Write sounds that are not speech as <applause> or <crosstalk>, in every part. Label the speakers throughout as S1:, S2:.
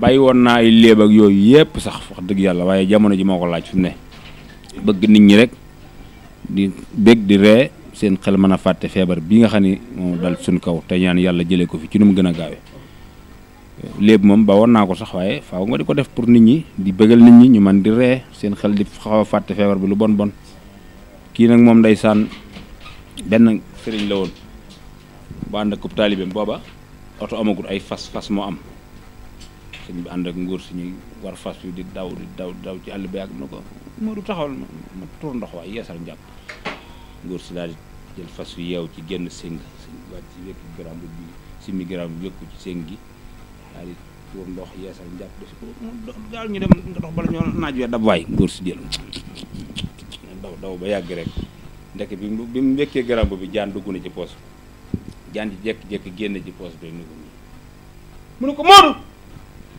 S1: bàyyi woon naa ay léeb ak yooyu yëpp sax wax dëgg yàlla waaye jamono ji moo ko laaj fi ne bëgg nit ñi rek di bég di ree seen xel mën a fàtte feebar bi nga xam ne moom dal suñ kaw te yàlla jëlee ko ci nu mu gën a gaawee moom ba won naa ko sax waaye faaw nga di ko def pour nit ñi di bëggal nit ñi ñu man di ree seen xel di xaw a fàtte feebar bi lu bon bon kii nag moom saan benn sëriñ la woon bu ànd ak taalibeem booba oto amagul ay fas fas moo am sëñ bi ànd ak ngóor si ñuy war fas yu di daw di daw daw ci bi ak na ko moo du tuur ndox waay yeesal njàpp ngóor si daal di jël fas yu yeew ci génn sëng sëñ bi wàcc ci wékk garaam bi ci sëng gi ndox yeesal njàpp def ko ñu dem nga dox bala ñoo naaj wee dab waay ngóor si jël daw daw ba yàgg rek ndek bi mu bi mu wékkee garaam bi jaan dugg na ci poos jaan ji jékki-jékki génn ci poos bi ni ko mu ne ko Modou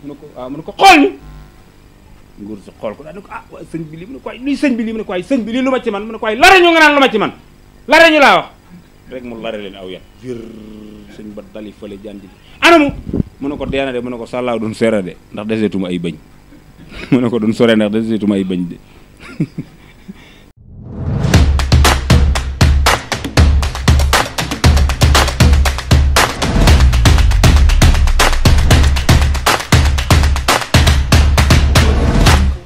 S1: mu ne ko waaw ah, mu ne ko xool ñu nguur si xool ko daal ne ko a ah, waaye sëñ bi lii mu ne ko waay luy sëñ bi lii mu ne ko ay sëñ bi lii lu ma ci man mu ne ko waay lare ñu nga naan lu ma ci man lare ñu laa wax rek mu lare leen aw yat jër sëñ ba dali fële jandi anamu mu ne ko deena de mu ne ko sàllaaw doon seera de ndax deseetuma ay bañ mu ne ko doon sore ndax deseetuma ay bañ de <laughs>